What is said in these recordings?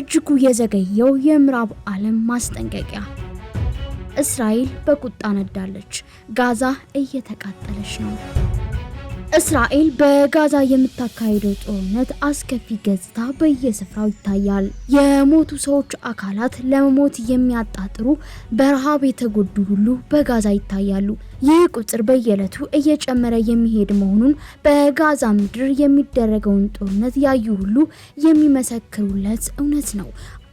በእጅጉ የዘገየው የምዕራብ ዓለም ማስጠንቀቂያ። እስራኤል በቁጣ ነዳለች፣ ጋዛ እየተቃጠለች ነው። እስራኤል በጋዛ የምታካሄደው ጦርነት አስከፊ ገጽታ በየስፍራው ይታያል። የሞቱ ሰዎች አካላት ለመሞት የሚያጣጥሩ በረሃብ የተጎዱ ሁሉ በጋዛ ይታያሉ። ይህ ቁጥር በየዕለቱ እየጨመረ የሚሄድ መሆኑን በጋዛ ምድር የሚደረገውን ጦርነት ያዩ ሁሉ የሚመሰክሩለት እውነት ነው።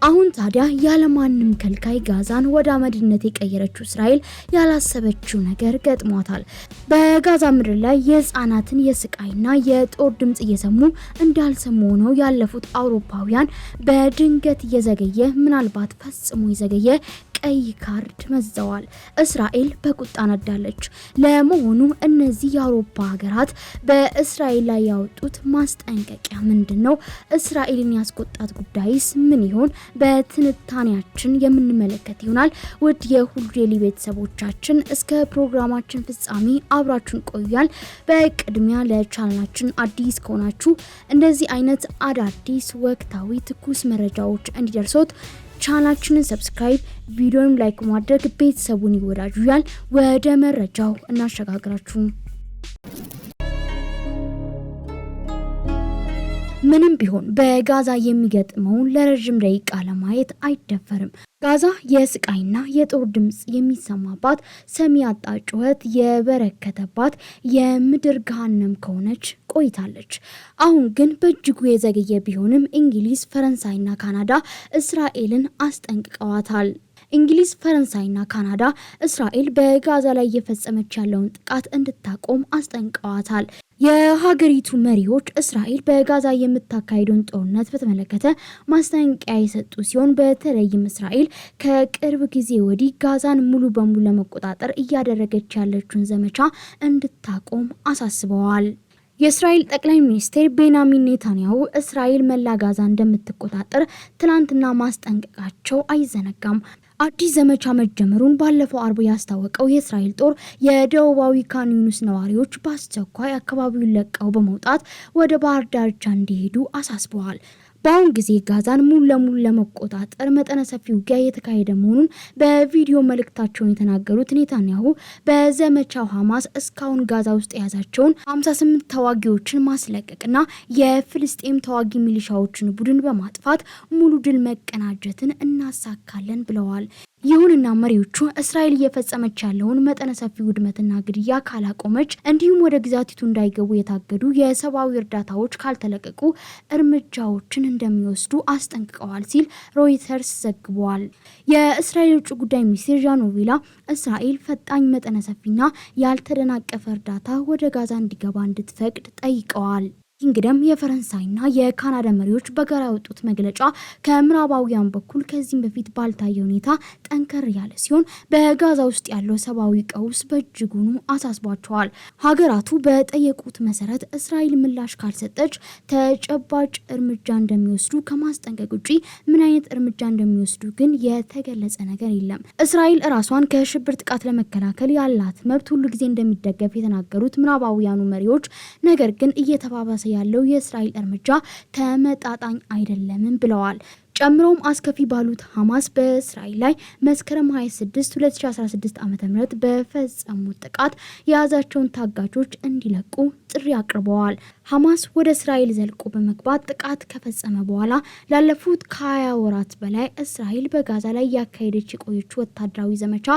አሁን ታዲያ ያለማንም ከልካይ ጋዛን ወደ አመድነት የቀየረችው እስራኤል ያላሰበችው ነገር ገጥሟታል። በጋዛ ምድር ላይ የህፃናትን የስቃይና የጦር ድምጽ እየሰሙ እንዳልሰሙ ሆነው ያለፉት አውሮፓውያን በድንገት እየዘገየ ምናልባት ፈጽሞ የዘገየ ቀይ ካርድ መዘዋል። እስራኤል በቁጣ ነዳለች። ለመሆኑ እነዚህ የአውሮፓ ሀገራት በእስራኤል ላይ ያወጡት ማስጠንቀቂያ ምንድን ነው? እስራኤልን ያስቆጣት ጉዳይስ ምን ይሆን? በትንታኔያችን የምንመለከት ይሆናል። ውድ የሁሉ ዴይሊ ቤተሰቦቻችን እስከ ፕሮግራማችን ፍጻሜ አብራችን ቆያል። በቅድሚያ ለቻናላችን አዲስ ከሆናችሁ እንደዚህ አይነት አዳዲስ ወቅታዊ ትኩስ መረጃዎች እንዲደርሶት ቻናችንን ሰብስክራይብ፣ ቪዲዮን ላይክ ማድረግ ቤተሰቡን ይወዳጁ። ያል ወደ መረጃው እናሸጋግራችሁ። ምንም ቢሆን በጋዛ የሚገጥመውን ለረዥም ደቂቃ ለማየት አይደፈርም። ጋዛ የስቃይና የጦር ድምፅ የሚሰማባት ሰሚ አጣ ጩኸት የበረከተባት የምድር ገሃነም ከሆነች ቆይታለች። አሁን ግን በእጅጉ የዘገየ ቢሆንም እንግሊዝ፣ ፈረንሳይና ካናዳ እስራኤልን አስጠንቅቀዋታል። እንግሊዝ፣ ፈረንሳይና ካናዳ እስራኤል በጋዛ ላይ እየፈጸመች ያለውን ጥቃት እንድታቆም አስጠንቀዋታል። የሀገሪቱ መሪዎች እስራኤል በጋዛ የምታካሄደውን ጦርነት በተመለከተ ማስጠንቀቂያ የሰጡ ሲሆን በተለይም እስራኤል ከቅርብ ጊዜ ወዲህ ጋዛን ሙሉ በሙሉ ለመቆጣጠር እያደረገች ያለችውን ዘመቻ እንድታቆም አሳስበዋል። የእስራኤል ጠቅላይ ሚኒስትር ቤንያሚን ኔታንያሁ እስራኤል መላ ጋዛ እንደምትቆጣጠር ትላንትና ማስጠንቀቃቸው አይዘነጋም። አዲስ ዘመቻ መጀመሩን ባለፈው አርብ ያስታወቀው የእስራኤል ጦር የደቡባዊ ካን ዩኒስ ነዋሪዎች በአስቸኳይ አካባቢውን ለቀው በመውጣት ወደ ባህር ዳርቻ እንዲሄዱ አሳስበዋል። በአሁን ጊዜ ጋዛን ሙሉ ለሙሉ ለመቆጣጠር መጠነ ሰፊ ውጊያ እየተካሄደ መሆኑን በቪዲዮ መልእክታቸውን የተናገሩት ኔታንያሁ በዘመቻው ሐማስ እስካሁን ጋዛ ውስጥ የያዛቸውን 58 ተዋጊዎችን ማስለቀቅና የፍልስጤም ተዋጊ ሚሊሻዎችን ቡድን በማጥፋት ሙሉ ድል መቀናጀትን እናሳካለን ብለዋል። ይሁንና መሪዎቹ እስራኤል እየፈጸመች ያለውን መጠነ ሰፊ ውድመትና ግድያ ካላቆመች፣ እንዲሁም ወደ ግዛቲቱ እንዳይገቡ የታገዱ የሰብአዊ እርዳታዎች ካልተለቀቁ እርምጃዎችን እንደሚወስዱ አስጠንቅቀዋል ሲል ሮይተርስ ዘግቧል። የእስራኤል ውጭ ጉዳይ ሚኒስትር ዣኖቪላ እስራኤል ፈጣኝ መጠነ ሰፊና ያልተደናቀፈ እርዳታ ወደ ጋዛ እንዲገባ እንድትፈቅድ ጠይቀዋል። እንግዲም የፈረንሳይና የካናዳ መሪዎች በጋራ ያወጡት መግለጫ ከምዕራባውያን በኩል ከዚህም በፊት ባልታየ ሁኔታ ጠንከር ያለ ሲሆን በጋዛ ውስጥ ያለው ሰብአዊ ቀውስ በእጅጉኑ አሳስቧቸዋል። ሀገራቱ በጠየቁት መሰረት እስራኤል ምላሽ ካልሰጠች ተጨባጭ እርምጃ እንደሚወስዱ ከማስጠንቀቅ ውጪ ምን አይነት እርምጃ እንደሚወስዱ ግን የተገለጸ ነገር የለም። እስራኤል ራሷን ከሽብር ጥቃት ለመከላከል ያላት መብት ሁሉ ጊዜ እንደሚደገፍ የተናገሩት ምዕራባውያኑ መሪዎች ነገር ግን እየተባባሰ ያለው የእስራኤል እርምጃ ተመጣጣኝ አይደለምም ብለዋል። ጨምሮም አስከፊ ባሉት ሐማስ በእስራኤል ላይ መስከረም 26 2016 ዓ ም በፈጸሙት ጥቃት የያዛቸውን ታጋቾች እንዲለቁ ጥሪ አቅርበዋል። ሐማስ ወደ እስራኤል ዘልቆ በመግባት ጥቃት ከፈጸመ በኋላ ላለፉት ከ20 ወራት በላይ እስራኤል በጋዛ ላይ ያካሄደች የቆየች ወታደራዊ ዘመቻ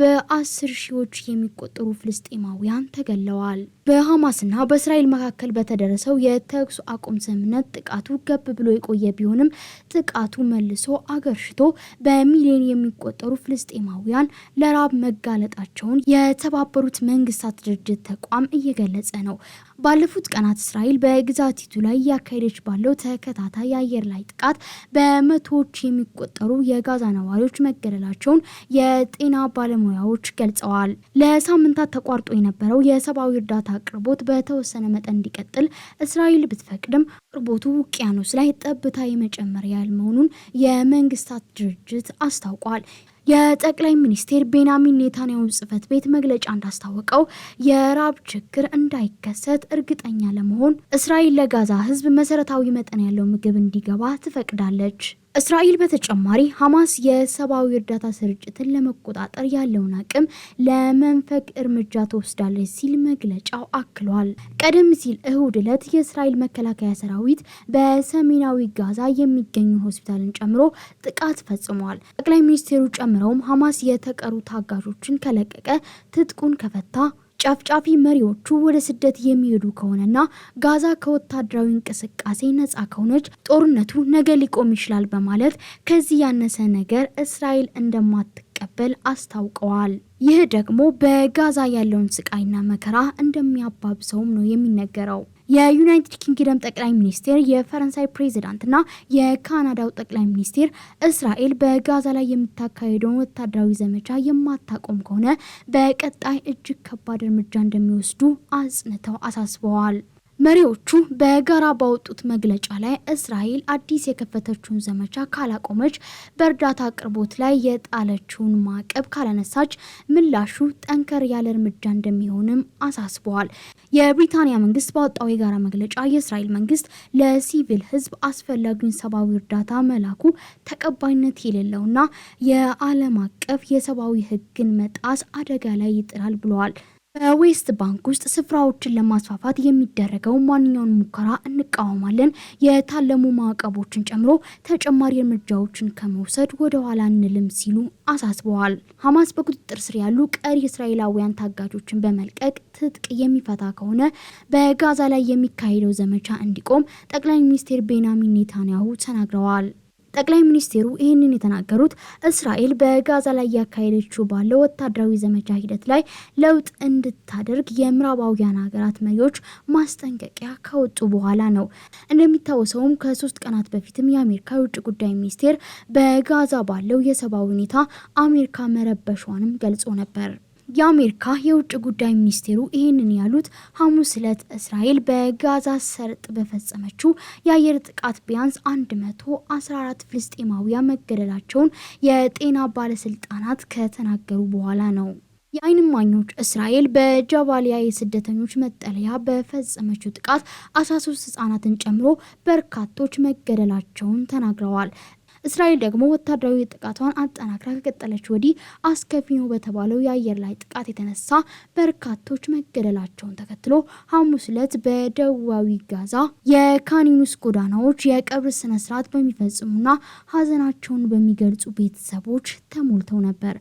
በአስር ሺዎች የሚቆጠሩ ፍልስጤማውያን ተገለዋል። በሐማስና በእስራኤል መካከል በተደረሰው የተኩስ አቁም ስምምነት ጥቃቱ ገብ ብሎ የቆየ ቢሆንም ጥቃቱ መልሶ አገርሽቶ በሚሊዮን የሚቆጠሩ ፍልስጤማውያን ለራብ መጋለጣቸውን የተባበሩት መንግስታት ድርጅት ተቋም እየገለጸ ነው። ባለፉት ቀናት እስራኤል በግዛቲቱ ላይ እያካሄደች ባለው ተከታታይ የአየር ላይ ጥቃት በመቶዎች የሚቆጠሩ የጋዛ ነዋሪዎች መገደላቸውን የጤና ባለሙያዎች ገልጸዋል። ለሳምንታት ተቋርጦ የነበረው የሰብአዊ እርዳታ አቅርቦት በተወሰነ መጠን እንዲቀጥል እስራኤል ብትፈቅድም አቅርቦቱ ውቅያኖስ ላይ ጠብታ የመጨመር ያህል መሆኑን የመንግስታት ድርጅት አስታውቋል። የጠቅላይ ሚኒስቴር ቤንያሚን ኔታንያሁ ጽህፈት ቤት መግለጫ እንዳስታወቀው የራብ ችግር እንዳይከሰት እርግጠኛ ለመሆን እስራኤል ለጋዛ ህዝብ መሰረታዊ መጠን ያለው ምግብ እንዲገባ ትፈቅዳለች። እስራኤል በተጨማሪ ሐማስ የሰብአዊ እርዳታ ስርጭትን ለመቆጣጠር ያለውን አቅም ለመንፈግ እርምጃ ትወስዳለች ሲል መግለጫው አክሏል። ቀደም ሲል እሁድ ዕለት የእስራኤል መከላከያ ሰራዊት በሰሜናዊ ጋዛ የሚገኙ ሆስፒታልን ጨምሮ ጥቃት ፈጽሟል። ጠቅላይ ሚኒስትሩ ጨምረውም ሐማስ የተቀሩ ታጋዦችን ከለቀቀ ትጥቁን ከፈታ ጨፍጫፊ መሪዎቹ ወደ ስደት የሚሄዱ ከሆነና ጋዛ ከወታደራዊ እንቅስቃሴ ነጻ ከሆነች ጦርነቱ ነገ ሊቆም ይችላል በማለት ከዚህ ያነሰ ነገር እስራኤል እንደማትቀበል አስታውቀዋል። ይህ ደግሞ በጋዛ ያለውን ስቃይና መከራ እንደሚያባብሰውም ነው የሚነገረው። የዩናይትድ ኪንግደም ጠቅላይ ሚኒስቴር፣ የፈረንሳይ ፕሬዚዳንትና የካናዳው ጠቅላይ ሚኒስቴር እስራኤል በጋዛ ላይ የምታካሄደውን ወታደራዊ ዘመቻ የማታቆም ከሆነ በቀጣይ እጅግ ከባድ እርምጃ እንደሚወስዱ አጽንተው አሳስበዋል። መሪዎቹ በጋራ ባወጡት መግለጫ ላይ እስራኤል አዲስ የከፈተችውን ዘመቻ ካላቆመች፣ በእርዳታ አቅርቦት ላይ የጣለችውን ማዕቀብ ካላነሳች ምላሹ ጠንከር ያለ እርምጃ እንደሚሆንም አሳስበዋል። የብሪታንያ መንግስት ባወጣው የጋራ መግለጫ የእስራኤል መንግስት ለሲቪል ሕዝብ አስፈላጊውን ሰብአዊ እርዳታ መላኩ ተቀባይነት የሌለውና የዓለም አቀፍ የሰብአዊ ሕግን መጣስ አደጋ ላይ ይጥላል ብለዋል። በዌስት ባንክ ውስጥ ስፍራዎችን ለማስፋፋት የሚደረገው ማንኛውን ሙከራ እንቃወማለን። የታለሙ ማዕቀቦችን ጨምሮ ተጨማሪ እርምጃዎችን ከመውሰድ ወደ ኋላ እንልም ሲሉ አሳስበዋል። ሐማስ በቁጥጥር ስር ያሉ ቀሪ እስራኤላውያን ታጋጆችን በመልቀቅ ትጥቅ የሚፈታ ከሆነ በጋዛ ላይ የሚካሄደው ዘመቻ እንዲቆም ጠቅላይ ሚኒስትር ቤንያሚን ኔታንያሁ ተናግረዋል። ጠቅላይ ሚኒስቴሩ ይህንን የተናገሩት እስራኤል በጋዛ ላይ ያካሄደችው ባለው ወታደራዊ ዘመቻ ሂደት ላይ ለውጥ እንድታደርግ የምዕራባውያን ሀገራት መሪዎች ማስጠንቀቂያ ካወጡ በኋላ ነው። እንደሚታወሰውም ከሶስት ቀናት በፊትም የአሜሪካ የውጭ ጉዳይ ሚኒስቴር በጋዛ ባለው የሰብአዊ ሁኔታ አሜሪካ መረበሿንም ገልጾ ነበር። የአሜሪካ የውጭ ጉዳይ ሚኒስቴሩ ይህንን ያሉት ሐሙስ ዕለት እስራኤል በጋዛ ሰርጥ በፈጸመችው የአየር ጥቃት ቢያንስ 114 ፍልስጤማውያን መገደላቸውን የጤና ባለስልጣናት ከተናገሩ በኋላ ነው። የዓይን እማኞች እስራኤል በጃባሊያ የስደተኞች መጠለያ በፈጸመችው ጥቃት 13 ህጻናትን ጨምሮ በርካቶች መገደላቸውን ተናግረዋል። እስራኤል ደግሞ ወታደራዊ ጥቃቷን አጠናክራ ከቀጠለች ወዲህ አስከፊ ነው በተባለው የአየር ላይ ጥቃት የተነሳ በርካቶች መገደላቸውን ተከትሎ ሐሙስ ዕለት በደቡባዊ ጋዛ የካኒኑስ ጎዳናዎች የቀብር ስነስርዓት በሚፈጽሙና ሀዘናቸውን በሚገልጹ ቤተሰቦች ተሞልተው ነበር።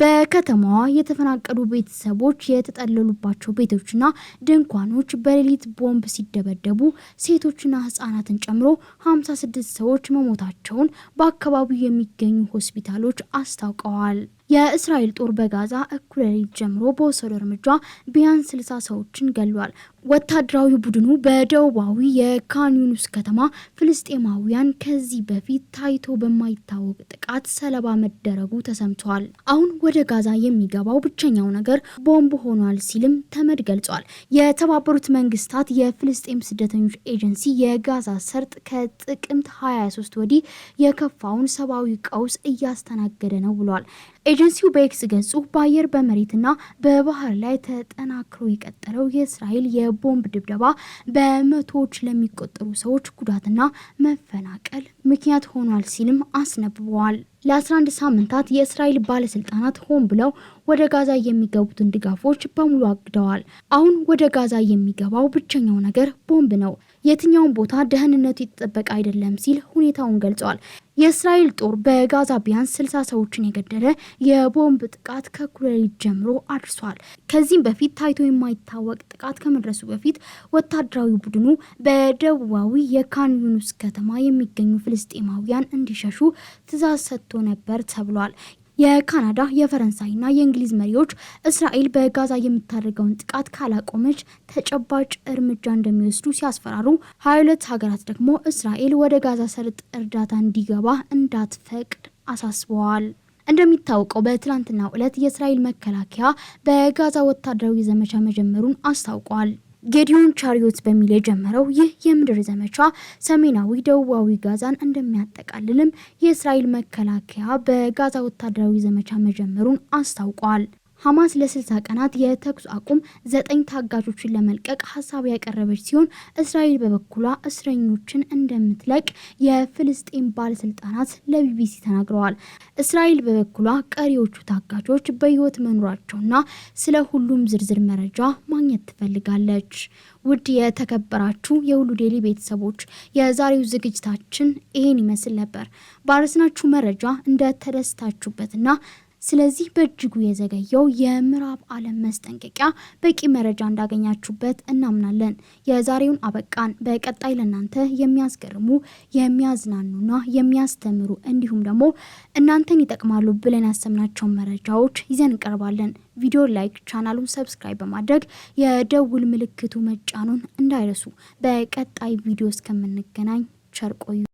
በከተማዋ የተፈናቀሉ ቤተሰቦች የተጠለሉባቸው ቤቶችና ድንኳኖች በሌሊት ቦምብ ሲደበደቡ ሴቶችና ህጻናትን ጨምሮ 56 ሰዎች መሞታቸውን በአካባቢው የሚገኙ ሆስፒታሎች አስታውቀዋል። የእስራኤል ጦር በጋዛ እኩለ ሌሊት ጀምሮ በወሰደው እርምጃ ቢያንስ ስልሳ ሰዎችን ገሏል። ወታደራዊ ቡድኑ በደቡባዊ የካን ዩኒስ ከተማ ፍልስጤማውያን ከዚህ በፊት ታይቶ በማይታወቅ ጥቃት ሰለባ መደረጉ ተሰምቷል። አሁን ወደ ጋዛ የሚገባው ብቸኛው ነገር ቦምብ ሆኗል ሲልም ተመድ ገልጿል። የተባበሩት መንግስታት የፍልስጤም ስደተኞች ኤጀንሲ የጋዛ ሰርጥ ከጥቅምት 23 ወዲህ የከፋውን ሰብአዊ ቀውስ እያስተናገደ ነው ብሏል። ኤጀንሲው በኤክስ ገጹ በአየር በመሬትና በባህር ላይ ተጠናክሮ የቀጠለው የእስራኤል የቦምብ ድብደባ በመቶዎች ለሚቆጠሩ ሰዎች ጉዳትና መፈናቀል ምክንያት ሆኗል ሲልም አስነብበዋል። ለ11 ሳምንታት የእስራኤል ባለስልጣናት ሆን ብለው ወደ ጋዛ የሚገቡትን ድጋፎች በሙሉ አግደዋል። አሁን ወደ ጋዛ የሚገባው ብቸኛው ነገር ቦምብ ነው። የትኛውን ቦታ ደህንነቱ የተጠበቀ አይደለም ሲል ሁኔታውን ገልጿል። የእስራኤል ጦር በጋዛ ቢያንስ ስልሳ ሰዎችን የገደለ የቦምብ ጥቃት ከእኩለ ሌሊት ጀምሮ አድርሷል። ከዚህም በፊት ታይቶ የማይታወቅ ጥቃት ከመድረሱ በፊት ወታደራዊ ቡድኑ በደቡባዊ የካን ዩኑስ ከተማ የሚገኙ ፍልስጤማውያን እንዲሸሹ ትዕዛዝ ሰጥቶ ነበር ተብሏል። የካናዳ የፈረንሳይና የእንግሊዝ መሪዎች እስራኤል በጋዛ የምታደርገውን ጥቃት ካላቆመች ተጨባጭ እርምጃ እንደሚወስዱ ሲያስፈራሩ፣ ሀያ ሁለት ሀገራት ደግሞ እስራኤል ወደ ጋዛ ሰርጥ እርዳታ እንዲገባ እንዳትፈቅድ አሳስበዋል። እንደሚታወቀው በትላንትናው ዕለት የእስራኤል መከላከያ በጋዛ ወታደራዊ ዘመቻ መጀመሩን አስታውቋል። ጌዲዮን ቻሪዮት በሚል የጀመረው ይህ የምድር ዘመቻ ሰሜናዊ ደቡባዊ ጋዛን እንደሚያጠቃልልም የእስራኤል መከላከያ በጋዛ ወታደራዊ ዘመቻ መጀመሩን አስታውቋል። ሐማስ ለ ቀናት የተኩስ አቁም ዘጠኝ ታጋቾችን ለመልቀቅ ሀሳብ ያቀረበች ሲሆን እስራኤል በበኩሏ እስረኞችን እንደምትለቅ የፍልስጤን ባለስልጣናት ለቢቢሲ ተናግረዋል። እስራኤል በበኩሏ ቀሪዎቹ ታጋቾች በሕይወት መኖራቸውና ስለ ሁሉም ዝርዝር መረጃ ማግኘት ትፈልጋለች። ውድ የተከበራችሁ የሁሉ ዴይሊ ቤተሰቦች የዛሬው ዝግጅታችን ይህን ይመስል ነበር። ባረስናችሁ መረጃ እንደተደስታችሁበትና ስለዚህ በእጅጉ የዘገየው የምዕራብ ዓለም መስጠንቀቂያ በቂ መረጃ እንዳገኛችሁበት እናምናለን። የዛሬውን አበቃን። በቀጣይ ለእናንተ የሚያስገርሙ የሚያዝናኑና የሚያስተምሩ እንዲሁም ደግሞ እናንተን ይጠቅማሉ ብለን ያሰምናቸውን መረጃዎች ይዘን እንቀርባለን። ቪዲዮ ላይክ፣ ቻናሉን ሰብስክራይብ በማድረግ የደውል ምልክቱ መጫኑን እንዳይረሱ። በቀጣይ ቪዲዮ እስከምንገናኝ ቸር ቆዩ።